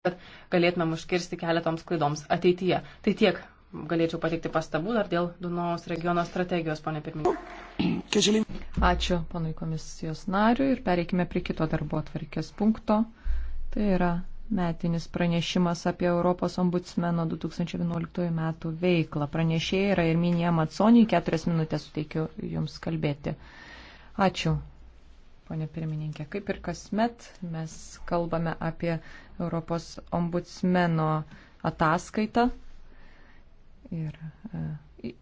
kad galėtumėm užkirsti keletoms klaidoms ateityje. Tai tiek galėčiau pateikti pastabų dar dėl Dunaus regiono strategijos, ponė pirmininkė. Ačiū ponui komisijos nariui ir pereikime prie kito darbo atvarkės punkto. Tai yra metinis pranešimas apie Europos ombudsmeno 2011 metų veiklą. Pranešėjai yra ir minė Matsonį, keturias minutės suteikiu Jums kalbėti. Ačiū, ponė pirmininkė. Kaip ir kasmet mes kalbame apie Europos ombudsmeno ataskaita. Ir e,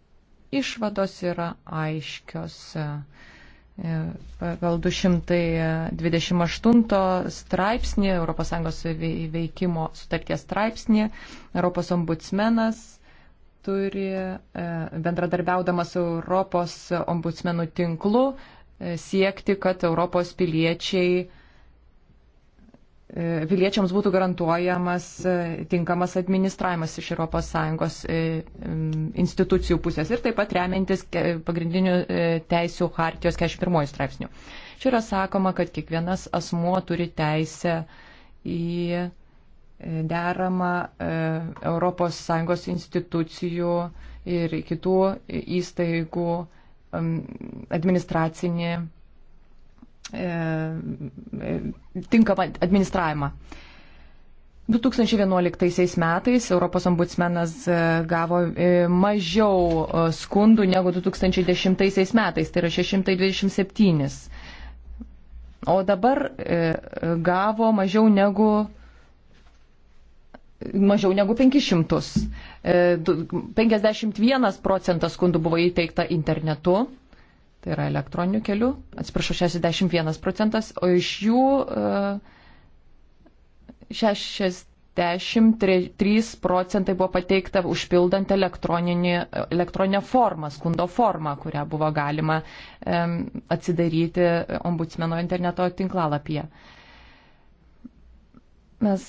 išvados yra aiškios. E, e, Gal 228 straipsnį, ES veikimo sutarties straipsnį, Europos ombudsmenas turi bendradarbiaudamas Europos ombudsmenų tinklu siekti, kad Europos piliečiai E, piliečiams būtų garantuojamas e, tinkamas administravimas iš ES e, institucijų pusės ir taip pat remiantis pagrindinių teisių hartijos 41 straipsnių. Čia yra sakoma, kad kiekvienas asmuo turi teisę į deramą ES institucijų ir kitų įstaigų administracinį E, e, tinkamą administravimą. 2011 metais Europos ombudsmenas e, gavo mažiau skundų negu 2010 metais, tai yra 627. O dabar gavo mažiau negu, mažiau negu 500. 51 procentas skundų buvo įteikta internetu tai yra elektroniniu keliu, atsiprašau, 61 procentas, o iš jų uh, e, 63 procentai buvo pateikta užpildant elektroninę formą, skundo formą, kurią buvo galima um, atsidaryti ombudsmeno interneto tinklalapyje. Uh, Mes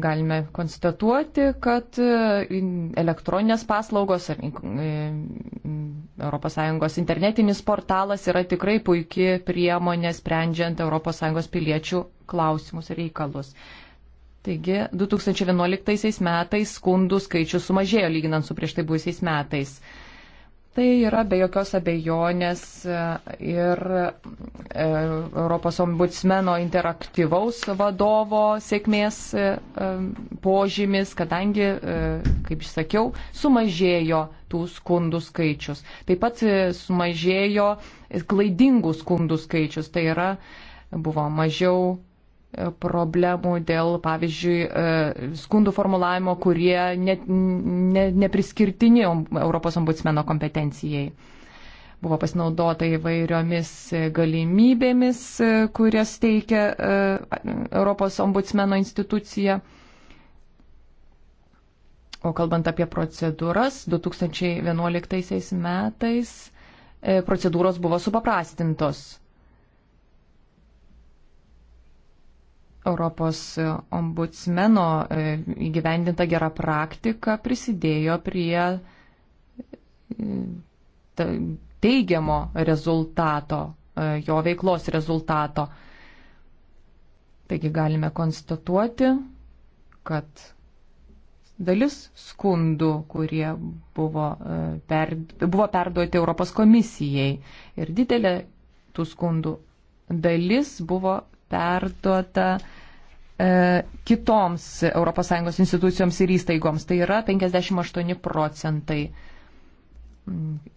galime konstatuoti, kad e, elektroninės paslaugos ar ES internetinis portalas yra tikrai puikia priemonė sprendžiant ES piliečių klausimus ir reikalus. Taigi 2011 metais skundų skaičius sumažėjo lyginant su prieš tai buvusiais metais. Tai yra be jokios abejonės e, ir e, Europos ombudsmeno interaktyvaus vadovo sėkmės e, požymis, kadangi, kaip sakiau, sumažėjo tų skundų skaičius. Taip pat sumažėjo klaidingų skundų skaičius, tai yra buvo mažiau E, problemų dėl, pavyzdžiui, e, skundų formulavimo, kurie ne, ne, nepriskirtini Europos ombudsmeno kompetencijai. Buvo pasinaudota įvairiomis e, galimybėmis, kurias teikia Europos ombudsmeno institucija. O kalbant apie procedūras, 2011 metais procedūros buvo supaprastintos Europos ombudsmeno e, įgyvendinta gera praktika prisidėjo prie e, teigiamo rezultato, e, jo veiklos rezultato. Taigi galime konstatuoti, kad dalis skundų, kurie buvo, per, buvo perduoti Europos komisijai ir didelė tų skundų dalis buvo perduota E, kitoms ES institucijoms ir įstaigoms. Tai yra 58 procentai.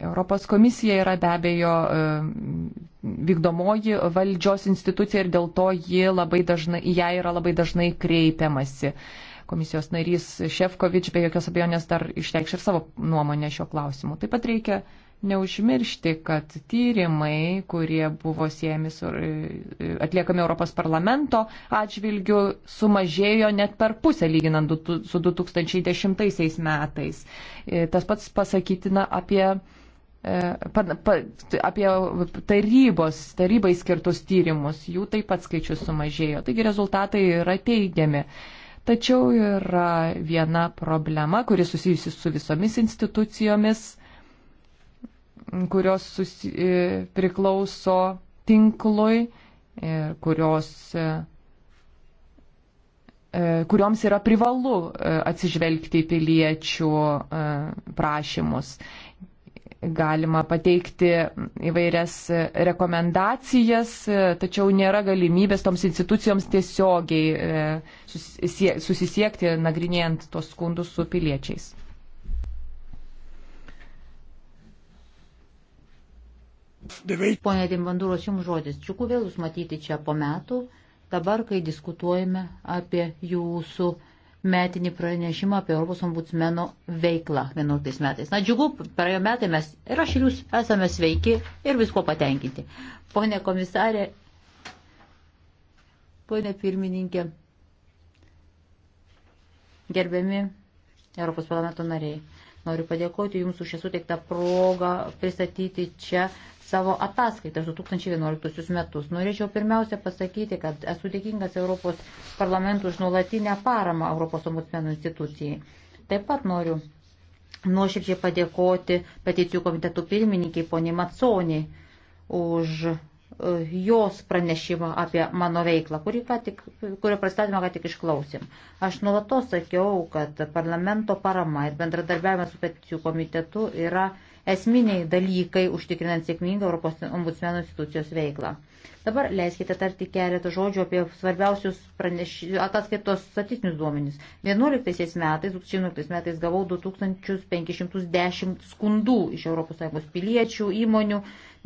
Europos komisija yra be abejo e, vykdomoji valdžios institucija ir dėl to ji labai dažnai, ją yra labai dažnai kreipiamasi. Komisijos narys Šefkovič be jokios abejonės dar išreikš ir savo nuomonę šio klausimu. Taip pat reikia uh, neužmiršti, kad tyrimai, kurie buvo siejami su e, e, atliekami Europos parlamento atžvilgiu, sumažėjo net per pusę lyginant su 2010 metais. E, tas pats pasakytina apie, pa, pa, apie tarybos, tarybai skirtus tyrimus. Jų taip pat skaičius sumažėjo. Taigi rezultatai yra teigiami. Tačiau yra viena problema, kuri susijusi su visomis institucijomis kurios susi, e, priklauso tinklui ir kurios, e, e, kurioms yra privalu atsižvelgti į piliečių prašymus. Galima pateikti įvairias rekomendacijas, tačiau nėra galimybės toms institucijoms tiesiogiai susisiekti, nagrinėjant tos skundus su piliečiais. Pone Dimbandūros, jums žodis. Čiuku vėl jūs matyti čia po metų, dabar, kai diskutuojame apie jūsų metinį pranešimą apie Europos ombudsmeno veiklą 11 metais. Na, džiugu, praėjo metai mes ir aš ir jūs esame sveiki ir visko patenkinti. Pone komisarė, pone pirmininkė, gerbiami Europos parlamento nariai, noriu padėkoti Jums už šią suteiktą progą pristatyti čia savo ataskaitas 2011 metus. Norėčiau pirmiausia pasakyti, kad esu dėkingas Europos parlamentų už nuolatinę paramą Europos ombudsmenų institucijai. Taip pat noriu nuoširdžiai padėkoti peticijų komitetų pirmininkiai poniai Matsoniai už e, jos pranešimą apie mano veiklą, tik, kurio pristatymą ką tik išklausim. Aš nuolatos sakiau, kad parlamento parama ir bendradarbiavimas su peticijų komitetu yra esminiai dalykai užtikrinant sėkmingą Europos ombudsmeno institucijos veiklą. Dabar leiskite tarti keletą žodžių apie svarbiausius praneš... ataskaitos statistinius duomenys. 11 metais, 2011 metais gavau 2510 skundų iš ES piliečių, įmonių,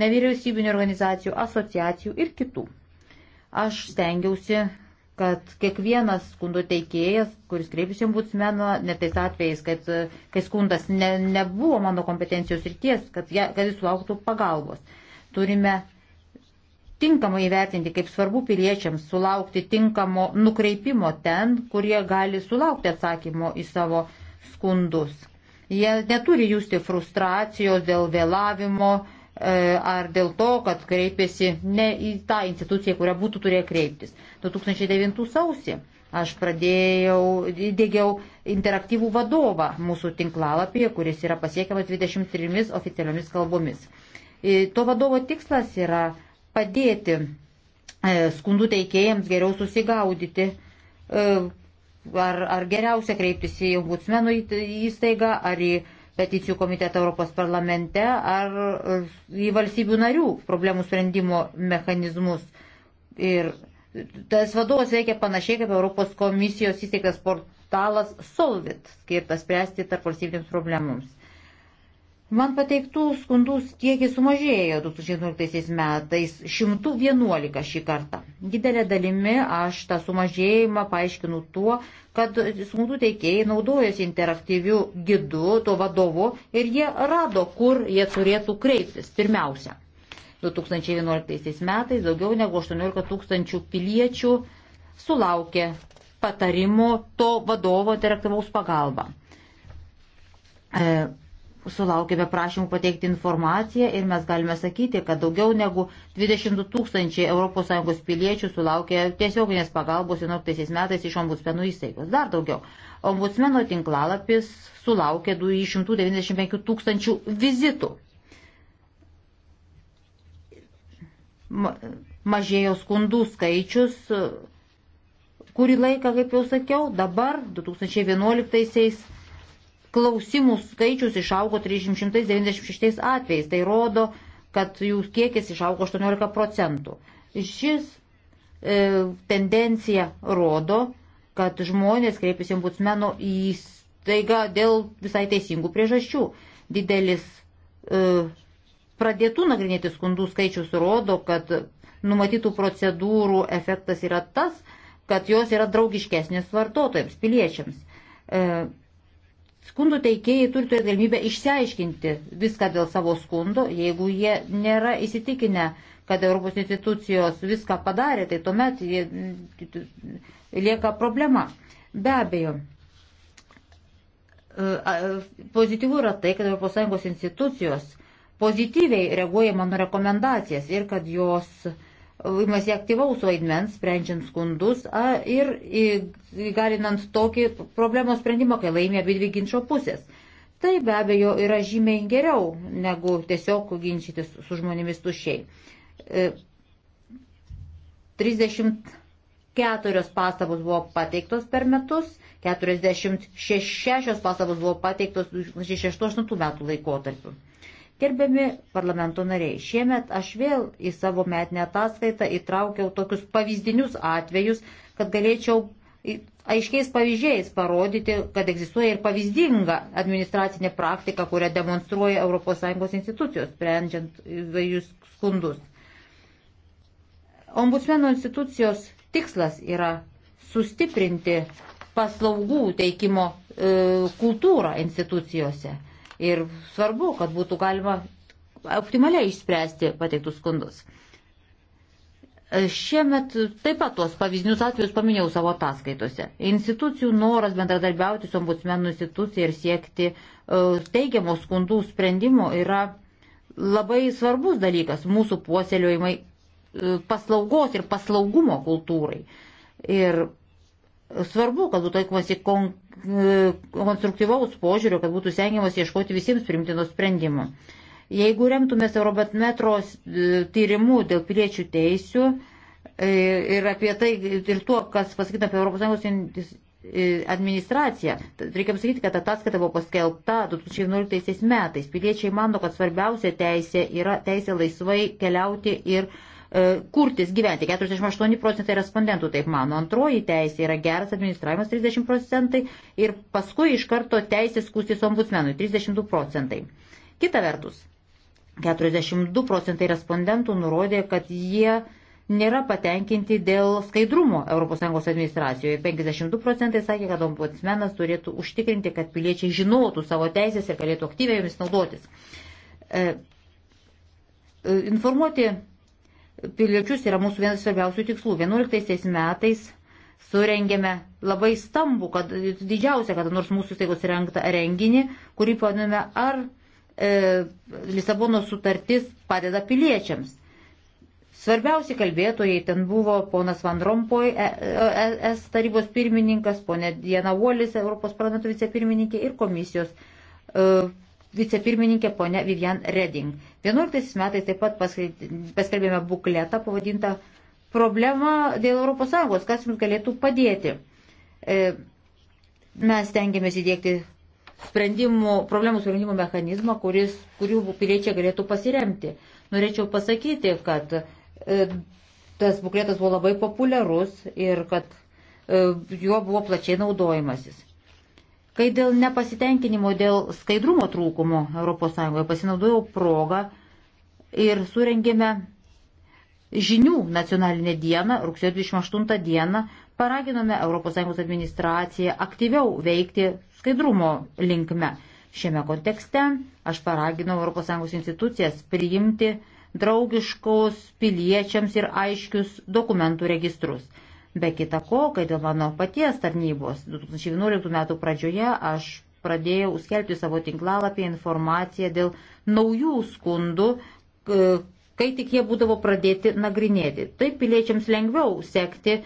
nevyriausybinio organizacijų, asociacijų ir kitų. Aš stengiausi kad kiekvienas skundo teikėjas, kuris kreipiasi į ombudsmeną, net tais atvejais, kad, kai skundas ne, nebuvo mano kompetencijos ryties, kad, ja, kad jis lauktų pagalbos. Turime tinkamai įvertinti, kaip svarbu piliečiams sulaukti tinkamo nukreipimo ten, kurie gali sulaukti atsakymo į savo skundus. Jie neturi jūsti frustracijos dėl vėlavimo, E, ar dėl to, kad kreipėsi ne į tą instituciją, kurią būtų turėję kreiptis. 2009 sausį aš pradėjau, įdėgiau interaktyvų vadovą mūsų tinklalapyje, kuris yra pasiekiamas 23 oficialiomis kalbomis. E, to vadovo tikslas yra padėti e, skundų teikėjams geriau susigaudyti, ar, ar geriausia kreiptis į ombudsmenų įstaigą, ar į peticijų komitetą Europos parlamente ar į valstybių narių problemų sprendimo mechanizmus. Ir tas vadovas veikia panašiai kaip Europos komisijos įsteigtas portalas Solvit, skirtas spręsti tarp valstybėms problemams. Man pateiktų skundų kiekis sumažėjo 2011 metais 111 šį kartą. Didelė dalimi aš tą sumažėjimą paaiškinu tuo, kad skundų teikėjai naudojasi interaktyvių gidų, to vadovu ir jie rado, kur jie turėtų kreiptis pirmiausia. 2011 metais daugiau negu 18 tūkstančių piliečių sulaukė patarimo to vadovo interaktyvaus pagalba. E, sulaukėme prašymų pateikti informaciją ir mes galime sakyti, kad daugiau negu 22 tūkstančiai ES piliečių sulaukė tiesioginės pagalbos 11 metais iš ombudsmenų įstaigos. Dar daugiau. Ombudsmeno tinklalapis sulaukė 295 tūkstančių vizitų. Mažėjo skundų skaičius e, kurį laiką, kaip jau sakiau, dabar 2011-aisiais Klausimų skaičius išaugo 396 atvejais, tai rodo, kad jų kiekis išaugo 18 procentų. Šis e, tendencija rodo, kad žmonės kreipiasi ombudsmeno įstaigą dėl visai teisingų priežasčių. Didelis e, pradėtų nagrinėti skundų skaičius rodo, kad numatytų procedūrų efektas yra tas, kad jos yra draugiškesnės vartotojams, piliečiams. E, Skundų teikėjai turi turėti galimybę išsiaiškinti viską dėl savo skundo, jeigu jie nėra įsitikinę, kad Europos institucijos viską padarė, tai tuomet jie, mm, lieka problema. Be abejo, e, pozityvų yra tai, kad ES institucijos pozityviai reaguoja mano rekomendacijas ir kad jos uh, imasi aktyvaus vaidmens, sprendžiant skundus a, ir įgalinant tokį problemos sprendimą, kai laimė abi dvi ginčio pusės. Tai be abejo yra žymiai geriau negu tiesiog ginčytis su žmonėmis tušiai. 34 e, pastabos buvo pateiktos per metus, 46 pastabos buvo pateiktos 2006-2008 metų laikotarpiu. Gerbiami parlamento nariai, šiemet aš vėl į savo metinę ataskaitą įtraukiau tokius pavyzdinius atvejus, kad galėčiau aiškiais pavyzdžiais parodyti, kad egzistuoja ir pavyzdinga administracinė praktika, kurią demonstruoja ES institucijos, sprendžiant įvairius skundus. Ombudsmeno institucijos tikslas yra sustiprinti paslaugų teikimo e, kultūrą institucijose ir svarbu, kad būtų galima optimaliai išspręsti pateiktus skundus. Šiemet taip pat tuos pavyzdinius atvejus paminėjau savo ataskaitose. Institucijų noras bendradarbiauti su ombudsmenų institucija ir siekti e, teigiamo skundų sprendimo yra labai svarbus dalykas mūsų puoseliojimai e, paslaugos ir paslaugumo kultūrai. Ir Svarbu, kad būtų laikomasi kon, e, konstruktyvaus požiūrio, kad būtų stengiamas ieškoti visiems primtinų sprendimų. Jeigu remtumės Eurobatmetro e, tyrimų dėl piliečių teisių e, ir apie tai, ir tuo, kas pasakyta apie ES administraciją. Reikia pasakyti, kad ataskaita buvo paskelbta 2011 metais. Piliečiai mano, kad svarbiausia teisė yra teisė laisvai keliauti ir E, kurtis gyventi. 48 procentai respondentų taip mano. Antroji teisė yra geras administravimas 30 procentai ir paskui iš karto teisė skūstis ombudsmenui 32 procentai. Kita vertus, 42 procentai respondentų nurodė, kad jie nėra patenkinti dėl skaidrumo ES administracijoje. 52 procentai sakė, kad ombudsmenas turėtų užtikrinti, kad piliečiai žinotų savo teisės ir galėtų aktyviai jomis naudotis. E, e informuoti piliečius yra mūsų vienas svarbiausių tikslų. 11 metais surengėme labai stambų, kad didžiausia, kada nors mūsų steigos rengta renginį, kurį pavadinome ar e, Lisabono sutartis padeda piliečiams. Svarbiausi kalbėtojai ten buvo ponas Van Rompuy, e, e, ES tarybos pirmininkas, ponė Diena Uolis, Europos parlamento vicepirmininkė ir komisijos e, vicepirmininkė ponia Vivian Reding. 11 metais taip pat paskelbėme bukletą pavadintą Problema dėl ES, kas jums galėtų padėti. E, mes tengiamės įdėkti sprendimų, problemų sprendimų mechanizmą, kuris, kurių piliečiai galėtų pasiremti. Norėčiau pasakyti, kad e, tas bukletas buvo labai populiarus ir kad e, juo buvo plačiai naudojimasis. Kai dėl nepasitenkinimo, dėl skaidrumo trūkumo ES pasinaudojau progą ir surengėme žinių nacionalinę dieną, rugsėjo 28 dieną, paraginome ES administraciją aktyviau veikti skaidrumo linkme. Šiame kontekste aš paraginau ES institucijas priimti draugiškos piliečiams ir aiškius dokumentų registrus. Be kita ko, kai dėl mano paties tarnybos 2011 metų pradžioje aš pradėjau skelbti savo tinklalapį informaciją dėl naujų skundų, kai tik jie būdavo pradėti nagrinėti. Taip piliečiams lengviau sekti,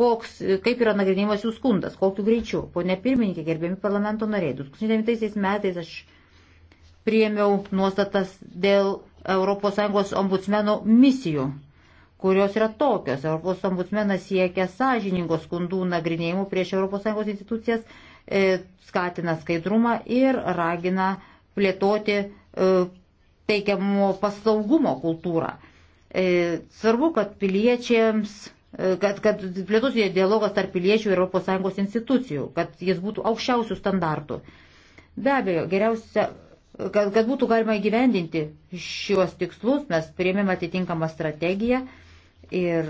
koks, kaip yra nagrinėjimas jų skundas, kokiu greičiu. Pone pirmininkė, gerbiami parlamento nariai, 2009 metais aš priėmiau nuostatas dėl ES ombudsmeno misijų kurios yra tokios. Europos ombudsmenas siekia sąžiningo skundų nagrinėjimų prieš ES institucijas, e, skatina skaidrumą ir ragina plėtoti e, teikiamo paslaugumo kultūrą. E, svarbu, kad piliečiams kad, kad plėtųsi dialogas tarp piliečių ir ES institucijų, kad jis būtų aukščiausių standartų. Be abejo, geriausia, kad, kad būtų galima įgyvendinti šiuos tikslus, mes priėmėme atitinkamą strategiją Ir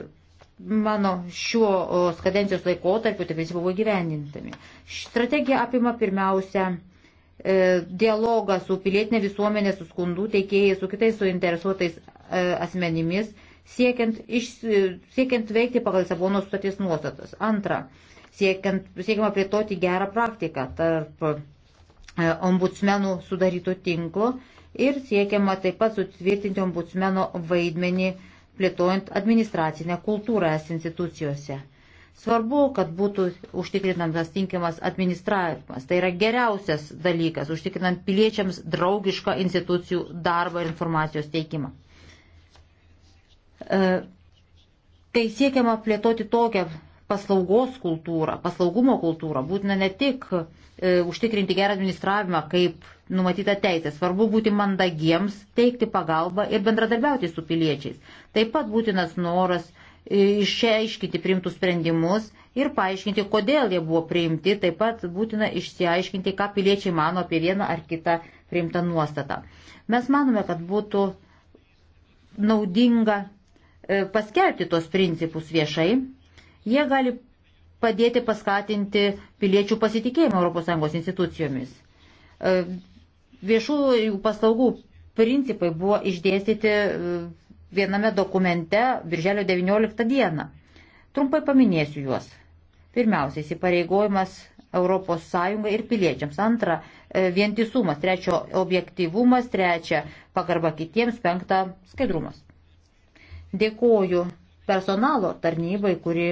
mano šios kadencijos laikotarpiu tie principai buvo gyvendintami. Strategija apima pirmiausia e, dialogą su pilietinė visuomenė, su skundų teikėjais, su kitais suinteresuotais e, asmenimis, siekiant, iš, e, siekiant veikti pagal Lisabonos sutarties nuostatas. Antra, siekiant, siekiama plėtoti gerą praktiką tarp e, ombudsmenų sudaryto tinklo ir siekiama taip pat sutvirtinti ombudsmeno vaidmenį plėtojant administracinę kultūrą es institucijose. Svarbu, kad būtų užtikrinantas tinkimas administravimas. Tai yra geriausias dalykas, užtikrinant piliečiams draugišką institucijų darbą ir informacijos teikimą. E, kai siekiama plėtoti tokią paslaugos kultūrą, paslaugumo kultūrą, būtina ne tik e, užtikrinti gerą administravimą kaip numatyta teisė. Svarbu būti mandagiems, teikti pagalbą ir bendradarbiauti su piliečiais. Taip pat būtinas noras e, išaiškinti priimtus sprendimus ir paaiškinti, kodėl jie buvo priimti. Taip pat būtina išsiaiškinti, ką piliečiai mano apie vieną ar kitą priimtą nuostatą. Mes manome, kad būtų naudinga e, paskelbti tos principus viešai. Jie gali padėti paskatinti piliečių pasitikėjimą ES institucijomis. E, Viešųjų paslaugų principai buvo išdėstyti e, viename dokumente birželio 19 dieną. Trumpai paminėsiu juos. Pirmiausia, įsipareigojimas ES ir piliečiams. Antra, e, vientisumas. Trečia, objektivumas. Trečia, pagarba kitiems. Penkta, skaidrumas. Dėkoju personalo tarnybai, kuri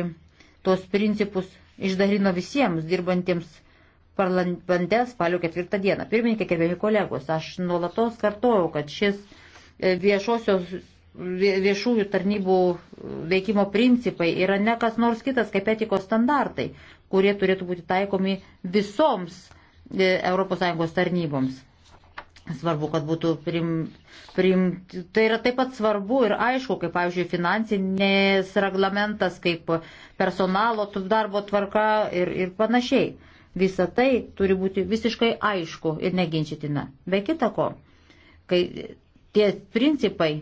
tos principus išdarino visiems dirbantiems parlamente spalio ketvirtą dieną. Pirmininkė, gerbėmi kolegos, aš nuolatos kartojau, kad šis e, viešosios viešųjų tarnybų veikimo principai yra ne kas nors kitas kaip etikos standartai, kurie turėtų būti taikomi visoms ES tarnyboms. Svarbu, kad būtų prim, prim, tai yra taip pat svarbu ir aišku, kaip, pavyzdžiui, finansinės reglamentas, kaip personalo darbo tvarka ir, ir panašiai. Visa tai turi būti visiškai aišku ir neginčitina. Be kita ko, kai tie principai,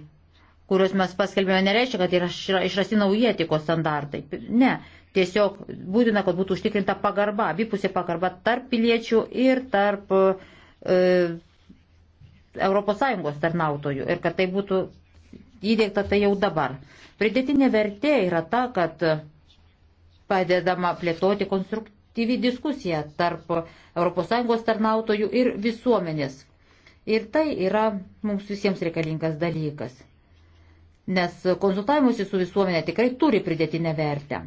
kuriuos mes paskelbėme, nereiškia, kad yra išrasti nauji etikos standartai. Ne, tiesiog būtina, kad būtų užtikrinta pagarba, abipusė pagarba tarp piliečių ir tarp e, ES tarnautojų ir kad tai būtų įdėkta tai jau dabar. Pridėtinė vertė yra ta, kad padedama plėtoti konstruktyvą aktyvi diskusija tarp ES tarnautojų ir visuomenės. Ir tai yra mums visiems reikalingas dalykas. Nes konsultavimusi su visuomenė tikrai turi pridėtinę vertę.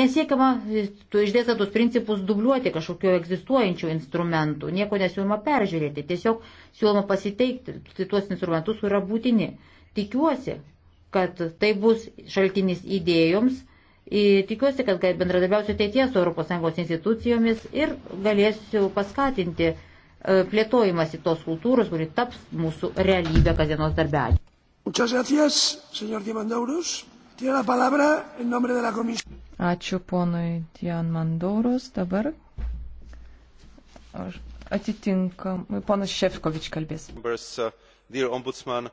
Nesiekiama išdėstatus principus dubliuoti kažkokiu egzistuojančiu instrumentu, nieko nesiūloma peržiūrėti, tiesiog siūloma pasiteikti tuos instrumentus, kurie yra būtini. Tikiuosi, kad tai bus šaltinis idėjoms Ir tikiuosi, kad bendradarbiausiu ateityje su ES institucijomis ir galėsiu paskatinti e, plėtojimas į tos kultūros, kuri taps mūsų realybė kasdienos darbelį. Ačiū ponui Dianmandauros. Dabar atitinkam. Ponas Šefkovič kalbės. Uh,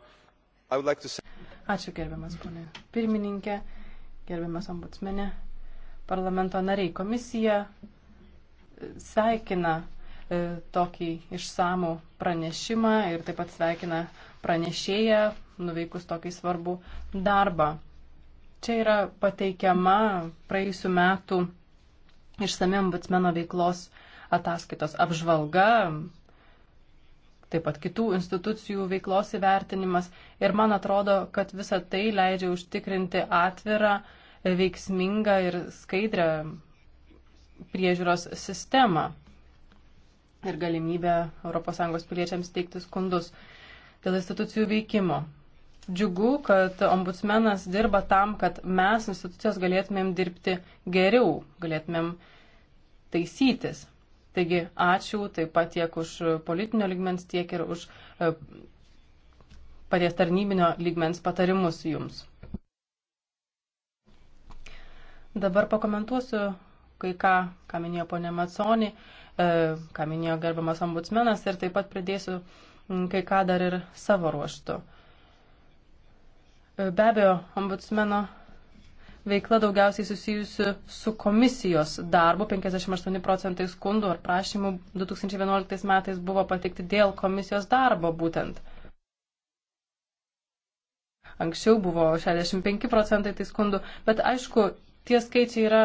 Ačiū gerbiamas ponė pirmininkė gerbiamas ombudsmenė, parlamento nariai. Komisija e, sveikina e, tokį išsamų pranešimą ir taip pat sveikina pranešėją nuveikus tokį svarbų darbą. Čia yra pateikiama praėjusių metų išsami ombudsmeno veiklos ataskaitos apžvalga, taip pat kitų institucijų veiklos įvertinimas. Ir man atrodo, kad visa tai leidžia užtikrinti atvirą, veiksmingą ir skaidrę priežiūros sistemą ir galimybę ES piliečiams teikti skundus dėl institucijų veikimo. Džiugu, kad ombudsmenas dirba tam, kad mes institucijos galėtumėm dirbti geriau, galėtumėm taisytis. Taigi ačiū taip pat tiek už politinio ligmens, tiek ir už e, paties tarnybinio ligmens patarimus jums. Dabar pakomentuosiu kai ką, ką minėjo ponė Matsoni, e, ką minėjo gerbamas ombudsmenas ir taip pat pridėsiu kai ką dar ir savo ruoštų. E, be abejo, ombudsmeno veikla daugiausiai susijusi su komisijos darbu. 58 procentai skundų ar prašymų 2011 metais buvo pateikti dėl komisijos darbo būtent. Anksčiau buvo 65 procentai tai skundų, bet aišku, tie skaičiai yra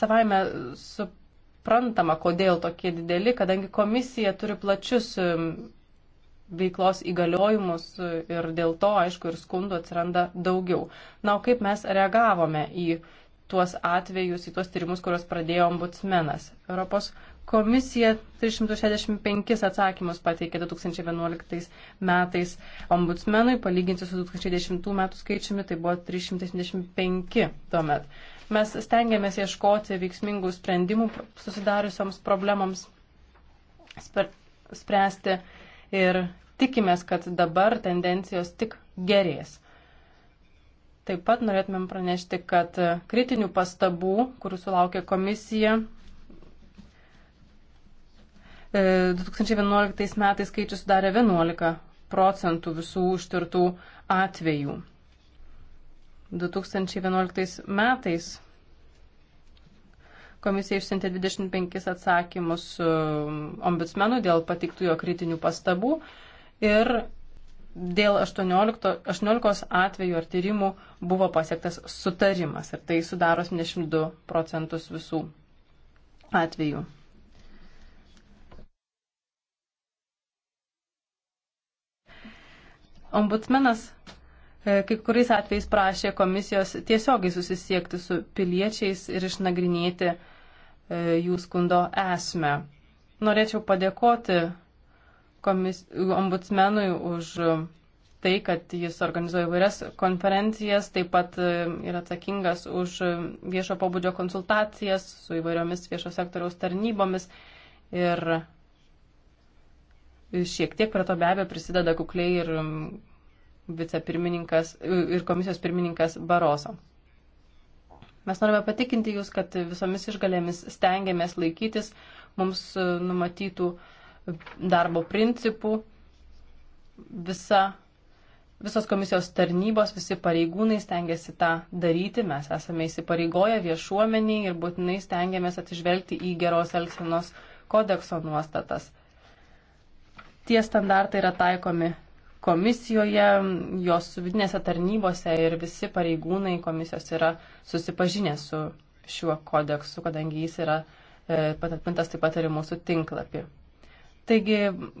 savaime suprantama, kodėl tokie dideli, kadangi komisija turi plačius veiklos įgaliojimus ir dėl to, aišku, ir skundų atsiranda daugiau. Na, o kaip mes reagavome į tuos atvejus, į tuos tyrimus, kuriuos pradėjo ombudsmenas? Europos komisija 365 atsakymus pateikė 2011 metais ombudsmenui, palyginti su 2010 metų skaičiumi, tai buvo 375 tuomet. Mes stengiamės ieškoti veiksmingų sprendimų susidariusioms problemams spręsti ir tikimės, kad dabar tendencijos tik gerės. Taip pat norėtumėm pranešti, kad kritinių pastabų, kurių sulaukė komisija, 2011 e, metais skaičius sudarė 11 procentų visų užtirtų atvejų. 2011 metais Komisija išsintė 25 atsakymus e, ombudsmenų dėl patiktų jo kritinių pastabų ir dėl 18, 18 atvejų ar tyrimų buvo pasiektas sutarimas ir tai sudaro 72 procentus visų atvejų. Ombudsmenas e, kai kuriais atvejais prašė komisijos tiesiogiai susisiekti su piliečiais ir išnagrinėti uh, E, jų skundo esmę. Norėčiau padėkoti komis, ombudsmenui už tai, kad jis organizuoja įvairias konferencijas, taip pat e, yra atsakingas už viešo pobūdžio konsultacijas su įvairiomis viešo sektoriaus tarnybomis ir šiek tiek prie to be abejo prisideda kukliai ir mm, vicepirmininkas ir komisijos pirmininkas Baroso. Mes norime patikinti Jūs, kad visomis išgalėmis stengiamės laikytis mums e, numatytų darbo principų. Visa, visos komisijos tarnybos, visi pareigūnai stengiasi tą daryti. Mes esame įsipareigoję viešuomeniai ir būtinai stengiamės atsižvelgti į geros elgsenos kodekso nuostatas. Tie standartai yra taikomi komisijoje, jos vidinėse tarnybose ir visi pareigūnai komisijos yra susipažinę su šiuo kodeksu, kadangi jis yra e, patalpintas taip pat ir mūsų tinklapį. Taigi,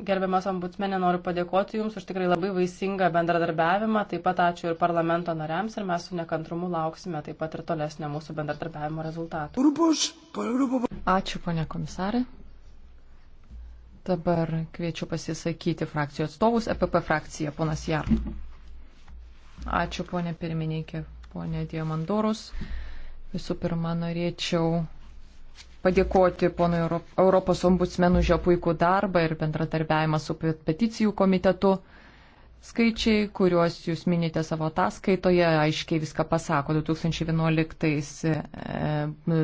gerbiamas ombudsmenė, noriu padėkoti Jums už tikrai labai vaisingą bendradarbiavimą, taip pat ačiū ir parlamento nariams ir mes su nekantrumu lauksime taip pat ir tolesnio mūsų bendradarbiavimo rezultatų. Ačiū, ponia komisarė. Dabar kviečiu pasisakyti frakcijų atstovus, EPP frakcija, ponas Jar. Ačiū, ponė pirmininkė, ponė Diamandorus. Visų pirma, norėčiau padėkoti ponui Europos ombudsmenų už jo puikų darbą ir bendradarbiavimą su peticijų komitetu. Skaičiai, kuriuos jūs minite savo ataskaitoje, aiškiai viską pasako. 2011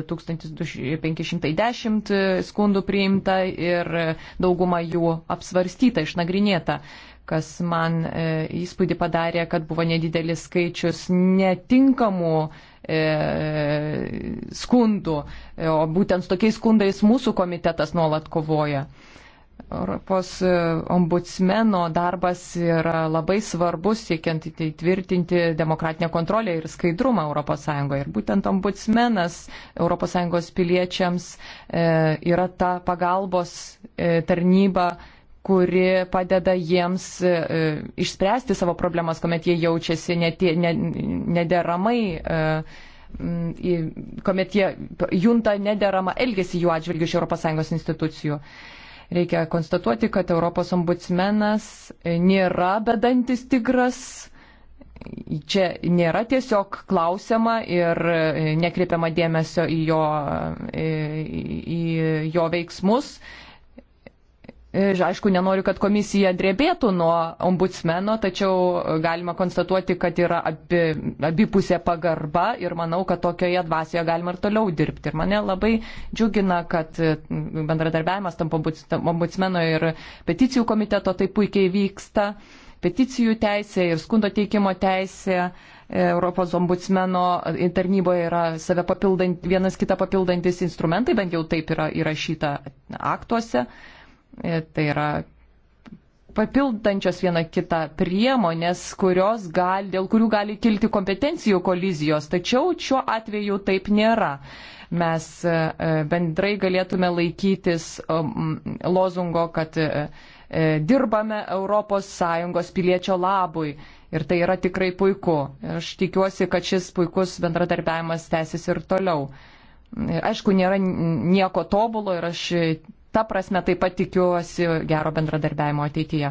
1510 e, skundų priimta ir dauguma jų apsvarstyta, išnagrinėta kas man e, įspūdį padarė, kad buvo nedidelis skaičius netinkamų e, skundų, e, o būtent su tokiais skundais mūsų komitetas nuolat kovoja. E, Europos e, ombudsmeno darbas yra labai svarbus, siekiant įtvirtinti demokratinę kontrolę ir skaidrumą ES. Ir būtent ombudsmenas ES piliečiams e, yra ta pagalbos e, tarnyba, kuri padeda jiems išspręsti savo problemas, kuomet jie jaučiasi nederamai. Ne, kuomet jie junta nederamą elgesį jų atžvilgių iš ES institucijų. Uh, Reikia konstatuoti, kad Europos ombudsmenas nėra bedantis tigras. Čia nėra tiesiog klausima ir nekreipiama dėmesio į jo, į jo veiksmus, Ir aišku, nenoriu, kad komisija drebėtų nuo ombudsmeno, tačiau galima konstatuoti, kad yra abi, abipusė pagarba ir manau, kad tokioje dvasioje galima ir toliau dirbti. Ir mane labai džiugina, kad mm, bendradarbiavimas tam ombudsmeno ir peticijų komiteto taip puikiai vyksta. Peticijų teisė ir skundo teikimo teisė e, Europos ombudsmeno tarnyboje yra save papildant, vienas kitą papildantis instrumentai, bent jau taip yra įrašyta aktuose. E, tai yra papildančios viena kitą priemonės, gali, dėl kurių gali kilti kompetencijų kolizijos, tačiau šiuo atveju taip nėra. Mes e, e, bendrai galėtume laikytis lozungo, kad dirbame ES piliečio labui ir tai yra tikrai puiku. Aš tikiuosi, kad šis puikus bendradarbiavimas tęsis ir toliau. Aišku, nėra nieko tobulo ir aš ta prasme taip pat tikiuosi gero bendradarbiavimo ateityje.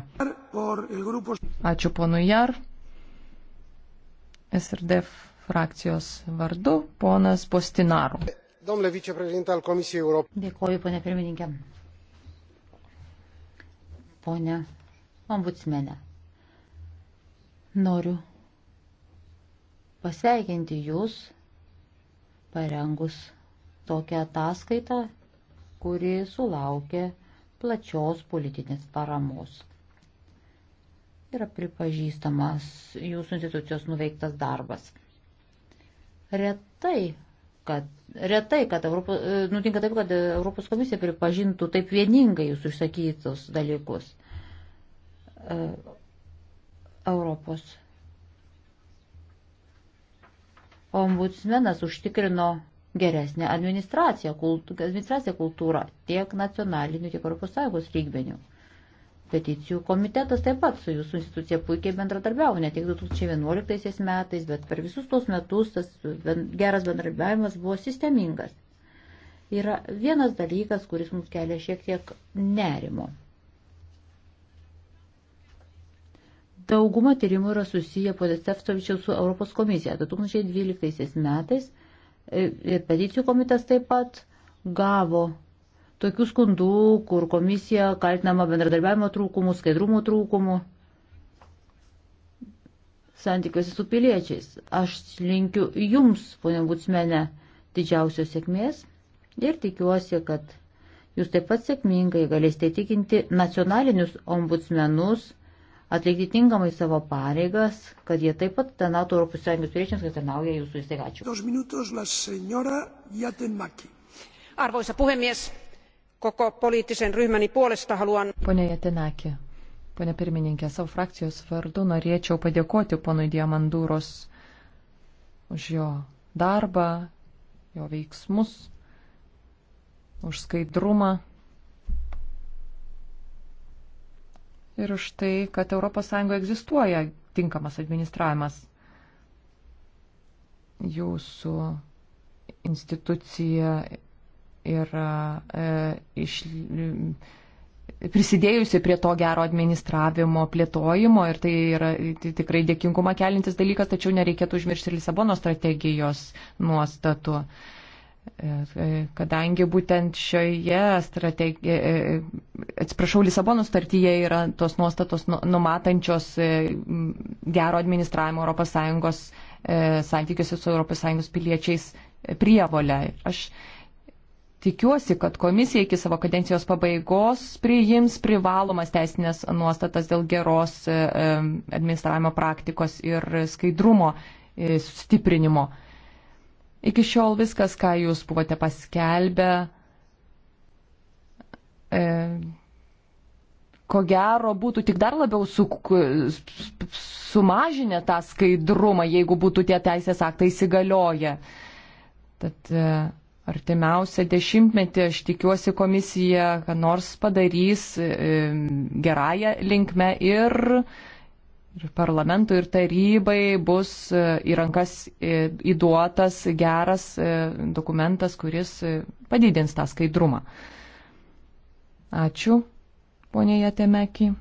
Ačiū ponui Jar. SRD frakcijos vardu ponas Postinaru. Domnule viceprezidente al Komisijai Europos. Dėkoju, ponė pirmininkė. Pone ombudsmenė, noriu pasveikinti Jūs parengus tokią ataskaitą kuri sulaukė plačios politinės paramos. Yra pripažįstamas jūsų institucijos nuveiktas darbas. Retai, kad, retai, kad Europos, e, nutinka taip, kad Europos komisija pripažintų taip vieningai jūsų išsakytus dalykus. E, Europos ombudsmenas užtikrino geresnę administraciją, kultūrą, administraciją kultūrą tiek nacionaliniu, tiek ES lygmeniu. Peticijų komitetas taip pat su jūsų institucija puikiai bendradarbiavo, ne tik 2011 metais, bet per visus tos metus tas geras bendradarbiavimas buvo sistemingas. Yra vienas dalykas, kuris mums kelia šiek tiek nerimo. Dauguma tyrimų yra susiję po Decevstovičiaus su Europos komisija. 2012 metais ir peticijų komitetas taip pat gavo tokių skundų, kur komisija kaltinama bendradarbiavimo trūkumų, skaidrumo trūkumų santykiuose su piliečiais. Aš linkiu jums, ponia Būtsmene, didžiausios sėkmės ir tikiuosi, kad jūs taip pat sėkmingai galėsite tikinti nacionalinius ombudsmenus atlikti tinkamai savo pareigas, kad jie taip pat tarnautų Europos Sąjungos piliečiams, kad tarnauja jūsų įstaigačių. Arvoisa puhemies, koko poliittisen ryhmäni puolesta haluan... Pone Jatenakė, pone pirmininkė, savo frakcijos vardu norėčiau padėkoti ponui Diamandūros už jo darbą, jo veiksmus, už skaidrumą ir už tai, kad ES egzistuoja tinkamas administravimas. Jūsų institucija yra e, iš, prisidėjusi prie to gero administravimo plėtojimo ir tai yra tai tikrai dėkingumą kelintis dalykas, tačiau nereikėtų užmiršti Lisabono strategijos nuostatų. E, E, kadangi būtent šioje strategijoje, e, atsiprašau, Lisabono startyje yra tos nuostatos nu-, numatančios e, gero administravimo ES santykiuose su ES piliečiais prievolę. Aš tikiuosi, kad komisija iki savo kadencijos pabaigos priims privalomas teisinės nuostatas dėl geros administravimo praktikos ir skaidrumo stiprinimo. Iki šiol viskas, ką jūs buvote paskelbę, e, ko gero būtų tik dar labiau su, sumažinę tą skaidrumą, jeigu būtų tie teisės aktai įsigalioję. Tad e, artimiausią dešimtmetį aš tikiuosi komisija, kad nors padarys e, gerąją linkmę ir e, ir parlamentui, ir tarybai bus e, į rankas e, įduotas geras e, dokumentas, kuris padidins tą skaidrumą. Ačiū, ponė Jatemeki.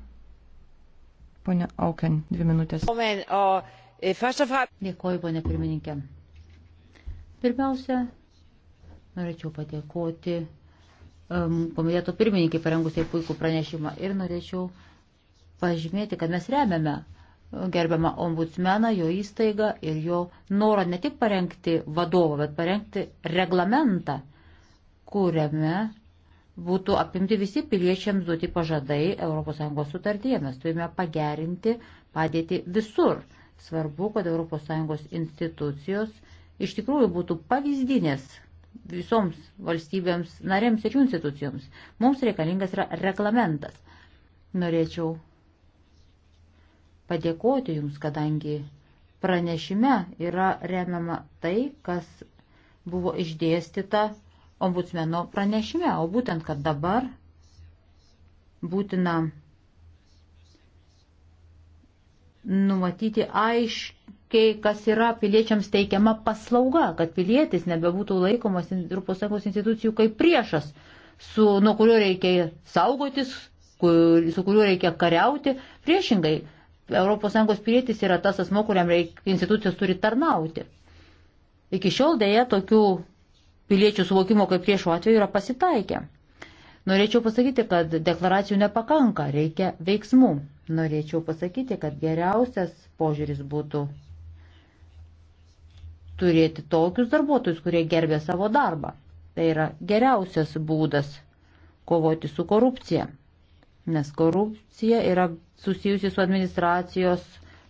Pone Auken, dvi minutės. Dėkoju, ponė pirmininkė. Pirmiausia, norėčiau padėkoti um, komiteto pirmininkai parengusiai puikų pranešimą ir norėčiau pažymėti, kad mes remiame uh, gerbiamą ombudsmeną, jo įstaigą ir jo norą ne tik parengti vadovą, bet parengti reglamentą, kuriame būtų apimti visi piliečiams duoti pažadai ES sutartyje. Mes turime pagerinti padėti visur. Svarbu, kad ES institucijos iš tikrųjų būtų pavyzdinės visoms valstybėms narėms ir jų institucijoms. Mums reikalingas yra reglamentas. Norėčiau padėkoti Jums, kadangi pranešime yra remiama tai, kas buvo išdėstyta ombudsmeno pranešime, o būtent, kad dabar būtina numatyti aiškiai, kas yra piliečiams teikiama paslauga, kad pilietis nebebūtų laikomas ES institucijų kaip priešas, su, nuo kurio reikia saugotis, kur, su kuriuo reikia kariauti. Priešingai, ES pilietis yra tas asmo, kuriam reik, institucijos turi tarnauti. Iki šiol dėja tokių piliečių suvokimo kaip priešų atveju yra pasitaikę. Norėčiau pasakyti, kad deklaracijų nepakanka, reikia veiksmų. Norėčiau pasakyti, kad geriausias požiūris būtų turėti tokius darbuotojus, kurie gerbė savo darbą. Tai yra geriausias būdas kovoti su korupcija, nes korupcija yra susijusi su administracijos